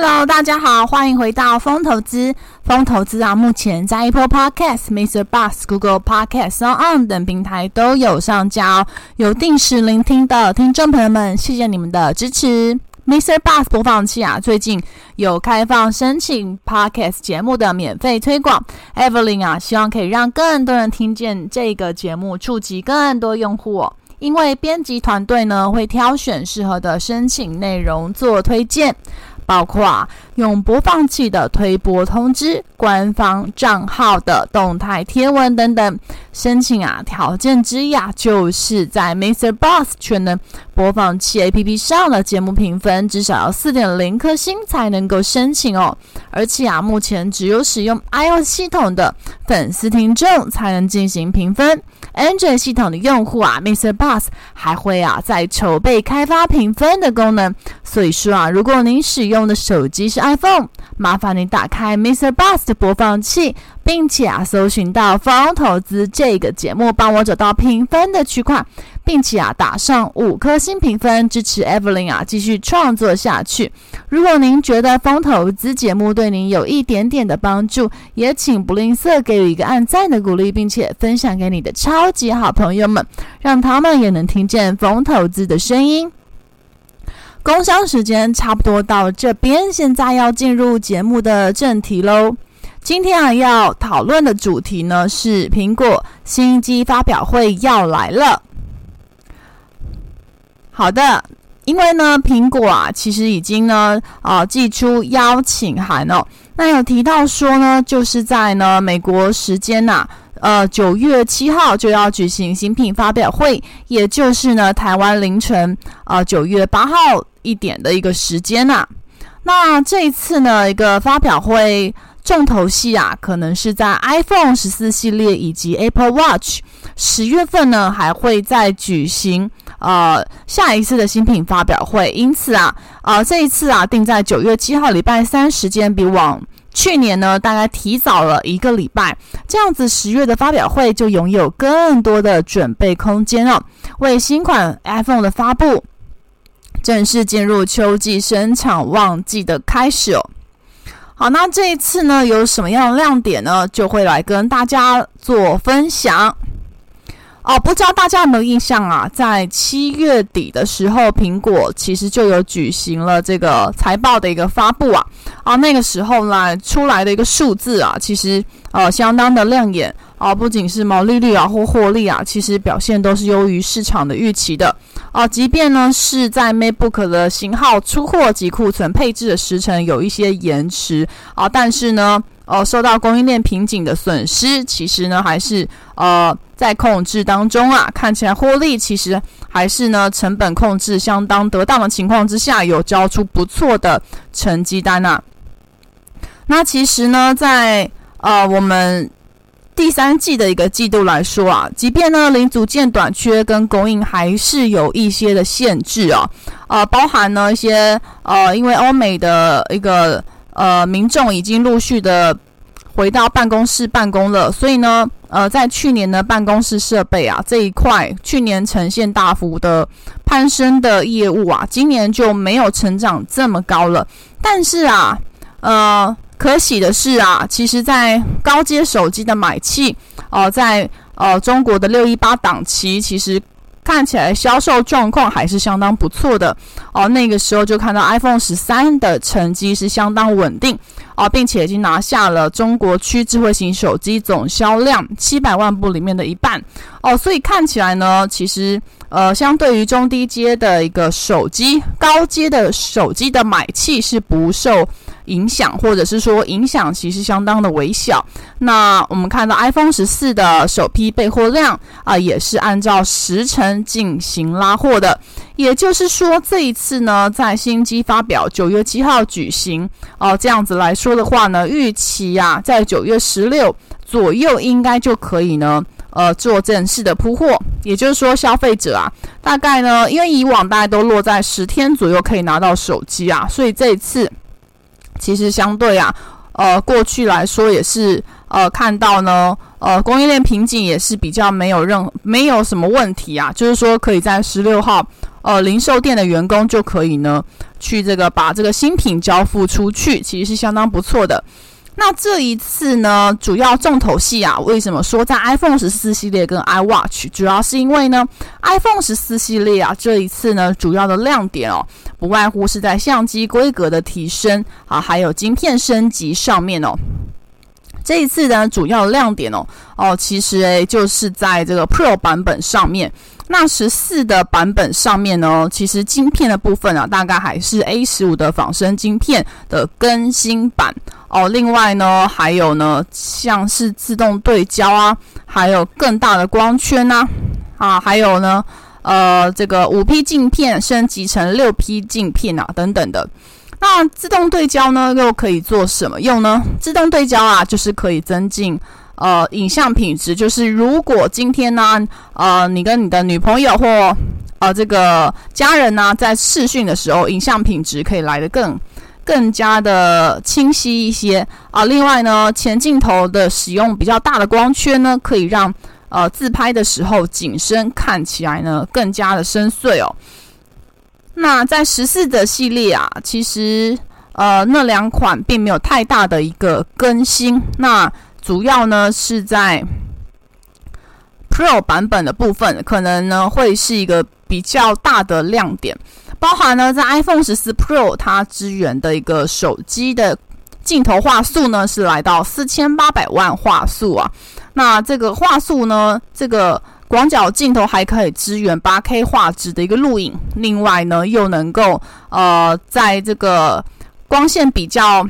Hello，大家好，歡迎回到瘋投資。瘋投資啊，目前在 Apple Podcasts Podcast、Mr. Buzz、Google Podcasts 等平台都有上架哦。有定時聆聽的聽眾朋友們，謝謝你們的支持。Mr. Buzz 播放器啊，最近有開放申請 Podcast 節目的免費推廣。Evelyn 啊，希望可以讓更多人聽見這個節目，觸及更多用戶哦。因為編輯團隊呢，會挑選適合的申請內容做推薦。包括啊，用播放器的推播通知、官方賬號的動態貼文等等。申請啊，條件之一、啊、就是在 Mister Boss 全能播放器 A P P 上的節目評分至少要四點零顆星才能夠申請哦。而且啊，目前只有使用 iOS 系統的粉絲聽眾才能進行評分，Android 系統的用戶啊，m r Boss 還會啊在籌備開發評分的功能。所以說啊，如果您使用用的手機是 iPhone，麻煩你打開 Mr. Bus 的播放器，並且啊搜尋到“瘋投資”這個節目，幫我找到評分的區塊，並且啊打上五顆星評分，支持 Evelyn 啊繼續創作下去。如果您覺得“瘋投資”節目對您有一點點的幫助，也請不吝嗇給予一個按讚的鼓勵，並且分享給你的超級好朋友們，讓他們也能聽見“瘋投資”的聲音。工商時間差不多到這邊，現在要進入節目的正題嘍。今天啊，要討論的主題呢是蘋果新機發表會要來了。好的，因為呢，蘋果啊，其實已經呢啊呃，寄出邀請函哦。那有提到說呢，就是在呢美國時間吶、啊，呃九月七號就要舉行新品發表會，也就是呢台灣凌晨啊呃，九月八號。一點的一個時間吶、啊，那這一次呢，一個發表會重頭戲啊，可能是在 iPhone 十四系列以及 Apple Watch。十月份呢，還會再舉行呃下一次的新品發表會，因此啊，呃這一次啊定在九月七號禮拜三時間，比往去年呢大概提早了一個禮拜，這樣子十月的發表會就擁有更多的準備空間哦，為新款 iPhone 的發布。正式進入秋季生產旺季的開始哦。好，那這一次呢，有什麼樣的亮點呢？就會來跟大家做分享哦。不知道大家有沒有印象啊？在七月底的時候，蘋果其實就有舉行了這個財報的一個發布啊。啊，那個時候呢出來的一個數字啊，其實呃相當的亮眼。啊，不僅是毛利率啊，或獲利啊，其實表現都是優於市場的預期的。啊，即便呢是在 MacBook 的型號出貨及庫存配置的時程有一些延遲啊，但是呢，呃、啊，受到供應鏈瓶頸的損失，其實呢還是呃在控制當中啊，看起來獲利其實還是呢成本控制相當得當的情況之下，有交出不錯的成績單吶、啊。那其實呢，在呃我們。第三季的一個季度來說啊，即便呢零組件短缺跟供應還是有一些的限制哦、啊，呃，包含呢一些呃，因為歐美的一個呃民眾已經陸續的回到辦公室辦公了，所以呢呃，在去年的辦公室設備啊這一塊，去年呈現大幅的攀升的業務啊，今年就沒有成長這麼高了，但是啊，呃。可喜的是啊，其實，在高階手機的買氣，哦、呃，在呃中國的六一八檔期，其實看起來銷售狀況還是相當不錯的哦、呃。那個時候就看到 iPhone 十三的成績是相當穩定哦、呃，並且已經拿下了中國區智慧型手機總銷量七百萬部裡面的一半哦、呃。所以看起來呢，其實呃，相對於中低階的一個手機，高階的手機的買氣是不受。影響，或者是說影響其實相當的微小。那我們看到 iPhone 十四的首批備貨量啊、呃，也是按照時程進行拉貨的。也就是說，這一次呢，在新機發表九月七號舉行哦、呃，這樣子來說的話呢，預期呀、啊，在九月十六左右應該就可以呢，呃，做正式的鋪貨。也就是說，消費者啊，大概呢，因為以往大概都落在十天左右可以拿到手機啊，所以這一次。其實相對啊，呃，過去來說也是，呃，看到呢，呃，供應鏈瓶頸也是比較沒有任，沒有什麼問題啊，就是說可以在十六號，呃，零售店的員工就可以呢，去這個把這個新品交付出去，其實是相當不錯的。那這一次呢，主要重頭戲啊，為什麼說在 iPhone 十四系列跟 iWatch，主要是因為呢，iPhone 十四系列啊，這一次呢，主要的亮點哦，不外乎是在相機規格的提升啊，還有晶片升級上面哦。這一次呢，主要亮點哦，哦，其實誒，就是在這個 Pro 版本上面，那十四的版本上面呢，其實晶片的部分啊，大概還是 A 十五的仿生晶片的更新版。哦，另外呢，還有呢，像是自動對焦啊，還有更大的光圈吶、啊，啊，還有呢，呃，這個五 P 鏡片升級成六 P 鏡片啊，等等的。那自動對焦呢，又可以做什麼用呢？自動對焦啊，就是可以增進呃影像品質，就是如果今天呢、啊，呃，你跟你的女朋友或呃這個家人呢、啊，在視訊的時候，影像品質可以來得更。更加的清晰一些啊！另外呢，前鏡頭的使用比較大的光圈呢，可以讓呃自拍的時候景深看起來呢更加的深邃哦。那在十四的系列啊，其實呃那兩款並沒有太大的一個更新，那主要呢是在。Pro 版本的部分，可能呢會是一個比較大的亮點，包含呢在 iPhone 十四 Pro 它支援的一個手機的鏡頭畫素呢是來到四千八百萬畫素啊，那這個畫素呢，這個廣角鏡頭還可以支援八 K 畫質的一個錄影，另外呢又能夠呃在這個光線比較。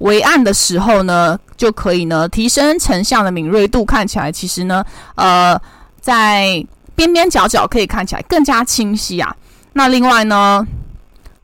微暗的時候呢，就可以呢提升成像的敏銳度，看起來其實呢，呃，在邊邊角角可以看起來更加清晰啊。那另外呢，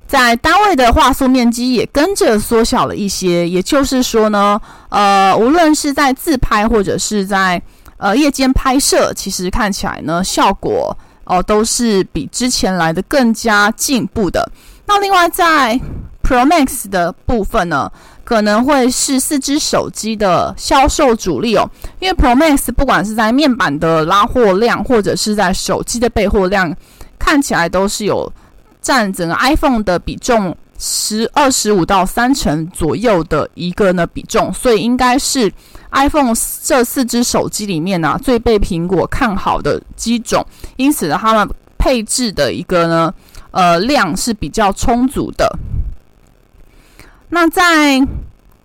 在單位的畫素面積也跟着縮小了一些，也就是說呢，呃，無論是在自拍或者是在呃夜間拍攝，其實看起來呢效果哦，呃，都是比之前來的更加進步的。那另外在 Pro Max 的部分呢。可能會是四隻手機的銷售主力哦，因為 Pro Max 不管是在面板的拉貨量，或者是在手機的備貨量，看起來都是有佔整個 iPhone 的比重十二十五到三成左右的一個呢比重，所以應該是 iPhone 這四隻手機裡面呢、啊、最被蘋果看好的機種，因此呢他們配置的一個呢呃量是比較充足的。那在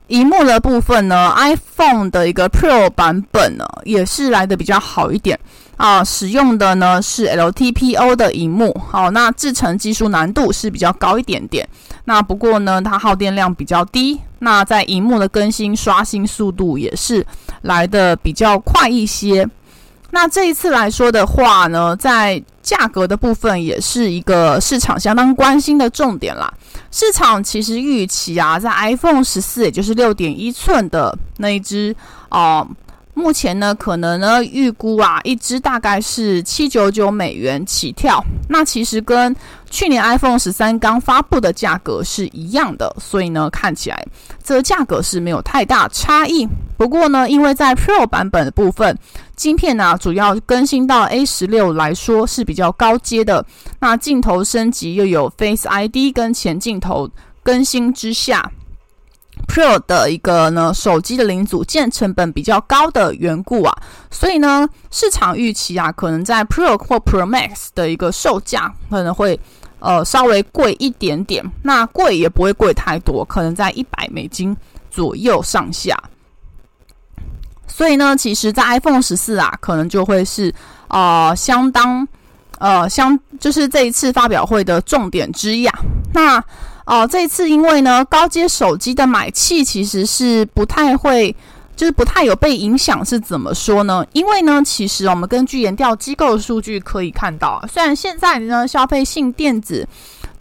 熒幕的部分呢，iPhone 的一個 Pro 版本呢，也是來的比較好一點啊。使用的呢是 LTPO 的熒幕，好、啊，那製程技術難度是比較高一點點。那不過呢，它耗電量比較低，那在熒幕的更新刷新速度也是來的比較快一些。那這一次來說的話呢，在價格的部分也是一個市場相當關心的重點啦。市場其實預期啊，在 iPhone 十四，也就是六點一寸的那一隻哦。呃目前呢，可能呢預估啊，一支大概是七九九美元起跳。那其實跟去年 iPhone 十三剛發布的價格是一樣的，所以呢，看起來這個價格是沒有太大差異。不過呢，因為在 Pro 版本的部分，晶片呢、啊、主要更新到 A 十六來說是比較高階的，那鏡頭升級又有 Face ID 跟前鏡頭更新之下。Pro 的一個呢，手機的零組件成本比較高的緣故啊，所以呢，市場預期啊，可能在 Pro 或 Pro Max 的一個售價可能會，呃，稍微貴一點點，那貴也不會貴太多，可能在一百美金左右上下。所以呢，其實，在 iPhone 十四啊，可能就會是啊、呃，相當呃相就是這一次發表會的重點之一啊，那。哦，這次因為呢，高階手機的買氣其實是不太會，就是不太有被影響，是怎麼說呢？因為呢，其實我們根據研調機構的數據可以看到，雖然現在呢，消費性電子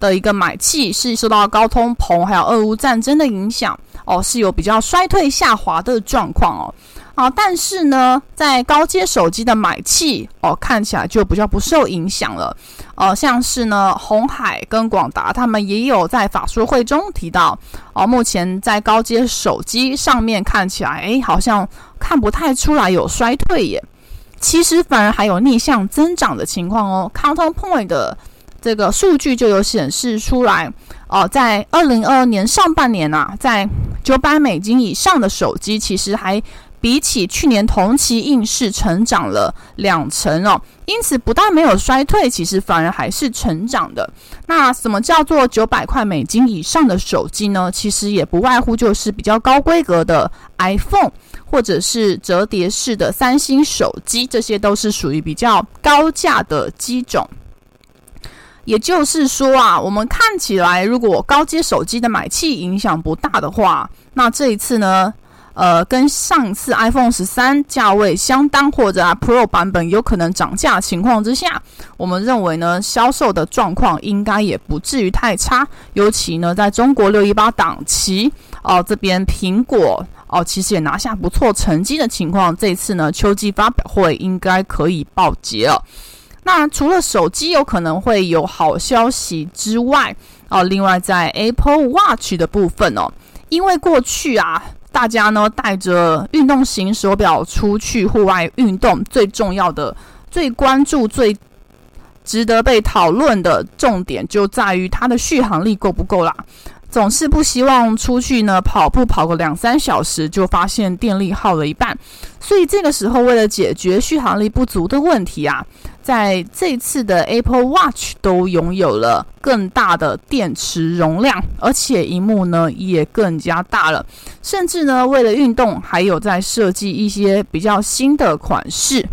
的一個買氣是受到高通膨還有俄烏戰爭的影響，哦，是有比較衰退下滑的狀況哦。好、啊，但是呢，在高階手機的買氣哦，看起來就比較不受影響了。哦，像是呢，鴻海跟廣達他們也有在法說會中提到哦，目前在高階手機上面看起來，誒，好像看不太出來有衰退耶。其實反而還有逆向增長的情況哦。Counterpoint 的這個數據就有顯示出來哦，在二零二二年上半年吶、啊，在九百美金以上的手機其實還。比起去年同期，硬是成長了兩成哦。因此不但沒有衰退，其實反而還是成長的。那什麼叫做九百塊美金以上的手機呢？其實也不外乎就是比較高規格的 iPhone，或者是折疊式的三星手機，這些都是屬於比較高價的機種。也就是說啊，我們看起來如果高階手機的買氣影響不大的話，那這一次呢？呃，跟上次 iPhone 十三價位相當，或者啊 Pro 版本有可能漲價情況之下，我們認為呢，銷售的狀況應該也不至於太差。尤其呢，在中國六一八檔期哦、呃，這邊蘋果哦、呃，其實也拿下不錯成績的情況，這次呢，秋季發表會應該可以報捷了。那除了手機有可能會有好消息之外，哦、呃，另外在 Apple Watch 的部分哦，因為過去啊。大家呢帶着運動型手表出去戶外運動，最重要的、最關注、最值得被討論的重點，就在於它的續航力夠不夠啦。總是不希望出去呢跑步跑個兩三小時，就發現電力耗了一半。所以這個時候，為了解決續航力不足的問題啊。在這次的 Apple Watch 都擁有了更大的電池容量，而且熒幕呢也更加大了。甚至呢，為了運動，還有在設計一些比較新的款式。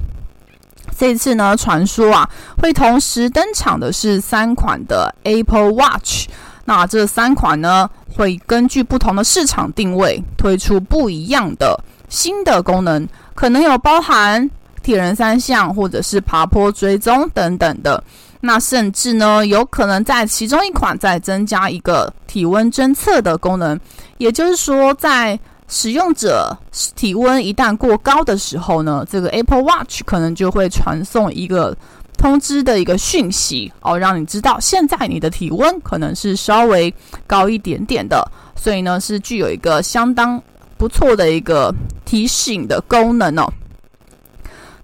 這次呢，傳說啊，會同時登場的是三款的 Apple Watch。那這三款呢，會根據不同的市場定位，推出不一樣的新的功能，可能有包含。鐵人三項，或者是爬坡追蹤等等的，那甚至呢，有可能在其中一款再增加一個體溫偵測的功能，也就是說，在使用者體溫一旦過高的時候呢，這個 Apple Watch 可能就會傳送一個通知的一個訊息哦，讓你知道現在你的體溫可能是稍微高一點點的，所以呢，是具有一個相當不錯的一個提醒的功能哦。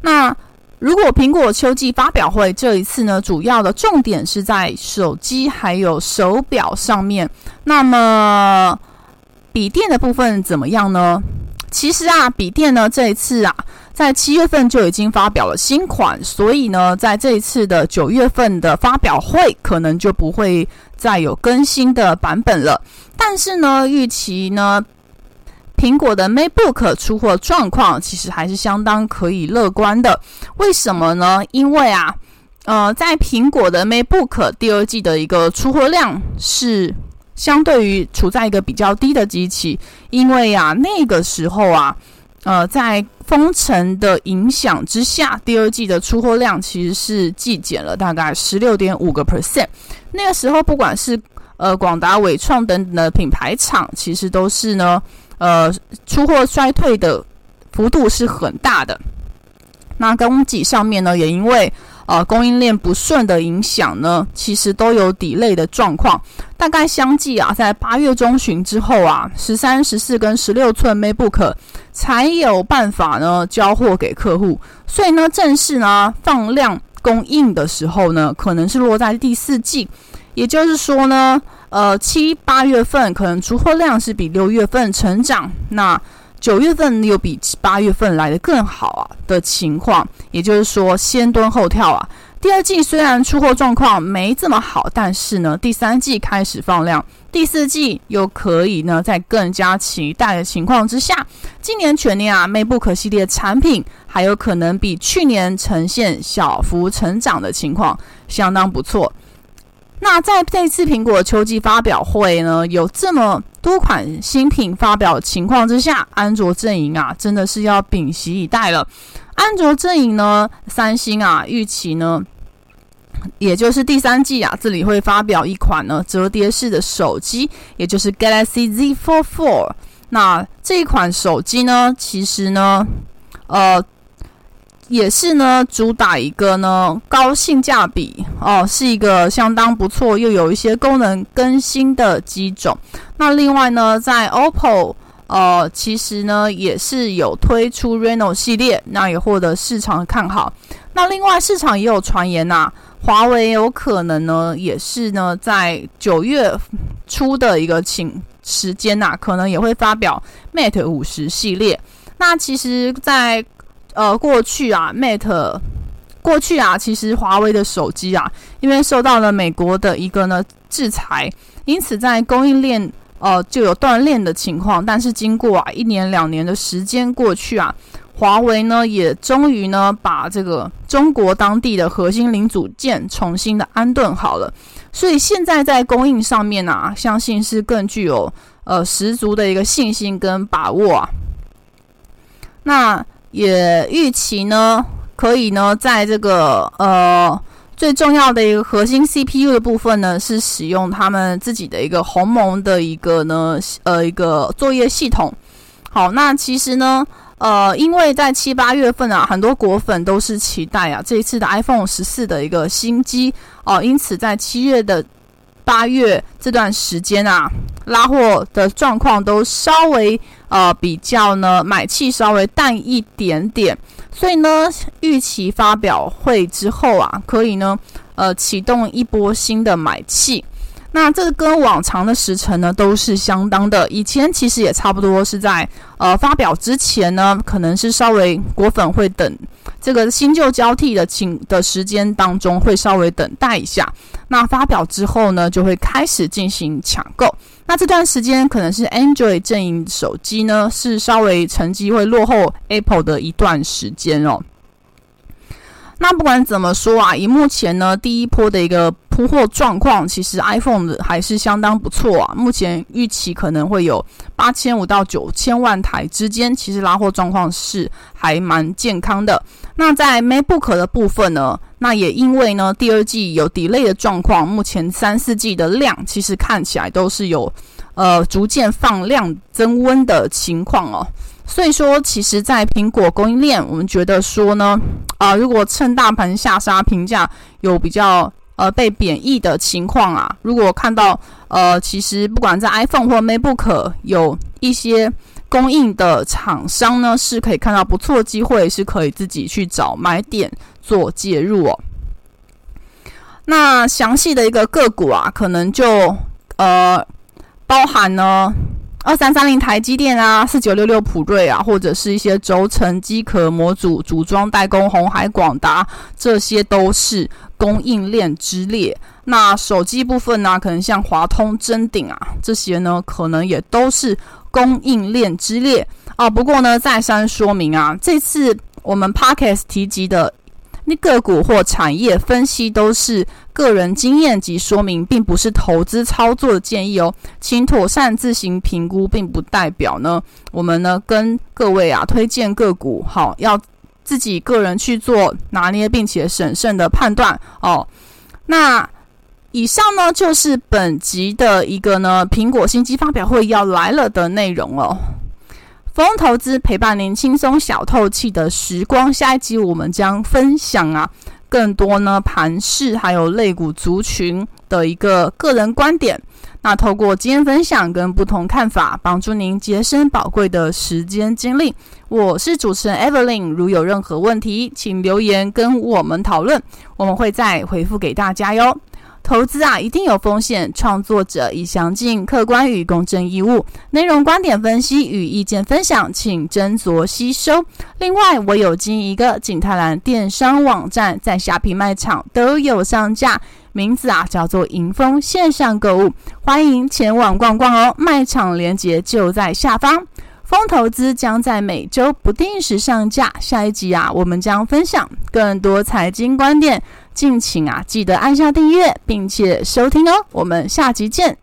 那如果蘋果秋季發表會這一次呢，主要的重點是在手機還有手錶上面。那麼筆電的部分怎麼樣呢？其實啊，筆電呢這一次啊，在七月份就已經發表了新款，所以呢，在這一次的九月份的發表會，可能就不會再有更新的版本了。但是呢，預期呢。蘋果的 MacBook 出貨狀況其實還是相當可以樂觀的。為什麼呢？因為啊，呃，在蘋果的 MacBook 第二季的一個出貨量是相對於處在一個比較低的基期。因為啊，那個時候啊，呃，在封城的影響之下，第二季的出貨量其實是季減了大概十六點五個 percent。那個時候，不管是呃廣達、偉創等等的品牌廠，其實都是呢。呃，出貨衰退的幅度是很大的。那供給上面呢，也因為呃供應鏈不順的影響呢，其實都有 delay 的狀況。大概相繼啊，在八月中旬之後啊，十三、十四跟十六寸 MacBook 才有辦法呢交貨給客戶。所以呢，正式呢放量供應的時候呢，可能是落在第四季。也就是說呢。呃，七八月份可能出貨量是比六月份成長，那九月份又比八月份來得更好啊的情況，也就是說先蹲後跳啊。第二季雖然出貨狀況沒這麼好，但是呢，第三季開始放量，第四季又可以呢，在更加期待的情況之下，今年全年啊，MacBook 系列產品還有可能比去年呈現小幅成長的情況，相當不錯。那在這次蘋果秋季發表會呢，有這麼多款新品發表的情況之下，安卓陣營啊，真的是要屏息以待了。安卓陣營呢，三星啊，預期呢，也就是第三季啊，這裡會發表一款呢摺疊式的手機，也就是 Galaxy Z Fold Four。那這一款手機呢，其實呢，呃。也是呢，主打一個呢高性價比哦，是一個相當不錯又有一些功能更新的機種。那另外呢，在 OPPO，呃，其實呢也是有推出 Reno 系列，那也獲得市場的看好。那另外市場也有傳言吶、啊，華為有可能呢也是呢在九月初的一個請時間吶、啊，可能也會發表 Mate 五十系列。那其實，在呃，過去啊，Mate，過去啊，其實華為的手機啊，因為受到了美國的一個呢制裁，因此在供應鏈呃就有斷鏈的情況。但是經過啊一年兩年的時間過去啊，華為呢也終於呢把這個中國當地的核心零組件重新的安頓好了，所以現在在供應上面呢、啊，相信是更具有呃十足的一個信心跟把握啊。那。也預期呢，可以呢，在這個呃最重要的一個核心 CPU 的部分呢，是使用他們自己的一個鴻蒙的一個呢呃一個作業系統。好，那其實呢，呃，因為在七八月份啊，很多果粉都是期待啊這一次的 iPhone 十四的一個新機哦，呃，因此在七月的。八月這段時間啊，拉貨的狀況都稍微呃比較呢買氣稍微淡一點點，所以呢預期發表會之後啊，可以呢呃啟動一波新的買氣。那這個跟往常的時辰呢都是相當的，以前其實也差不多是在呃發表之前呢，可能是稍微果粉會等。這個新舊交替的請的時間當中，會稍微等待一下。那發表之後呢，就會開始進行搶購。那這段時間可能是 Android 陣營手機呢，是稍微成績會落後 Apple 的一段時間哦。那不管怎麼說啊，以目前呢，第一波的一個，出貨狀況其實 iPhone 的還是相當不錯啊，目前預期可能會有八千五到九千萬台之間，其實拉貨狀況是還蠻健康的。那在 MacBook 的部分呢，那也因為呢第二季有 delay 的狀況，目前三四季的量其實看起來都是有呃逐漸放量增溫的情況哦、啊。所以說，其實，在蘋果供應鏈，我們覺得說呢，啊、呃，如果趁大盤下殺，評價有比較。呃，被貶抑的情況啊，如果看到，呃，其實不管在 iPhone 或 MacBook 有一些供應的廠商呢，是可以看到不錯的機會，是可以自己去找買點做介入哦。那詳細的一個個股啊，可能就呃包含呢，二三三零台積電啊，四九六六譜瑞啊，或者是一些軸承機殼模組組裝代工，鴻海廣達，這些都是。供應鏈之列，那手機部分呢，啊？可能像華通、臻鼎啊，這些呢，可能也都是供應鏈之列啊。不過呢，再三說明啊，這次我們 Podcast 提及的那個股或產業分析，都是個人經驗及說明，並不是投資操作的建議哦，請妥善自行評估，並不代表呢，我們呢跟各位啊推薦個股，好要，自己個人去做拿捏，並且審慎的判斷哦。那以上呢，就是本集的一個呢蘋果新機發表會要來了的內容哦。瘋投資陪伴您輕鬆小透氣的時光，下一集我們將分享啊更多呢盤勢還有類股族群。的一個個人觀點，那透過經驗分享跟不同看法，幫助您節省寶貴的時間精力。我是主持人 Evelyn，如有任何問題，請留言跟我們討論，我們會再回復給大家喲。投資啊，一定有風險。創作者已詳盡客觀與公正義務，內容觀點分析與意見分享，請斟酌吸收。另外，我有經營一個景泰藍電商網站，在蝦皮賣場都有上架，名字啊叫做“瑩豐線上購物”，歡迎前往逛逛哦。賣場鏈接就在下方。瘋投資將在每周不定時上架。下一集啊，我們將分享更多財經觀點。敬請啊，記得按下訂閱，並且收聽哦。我們下集見。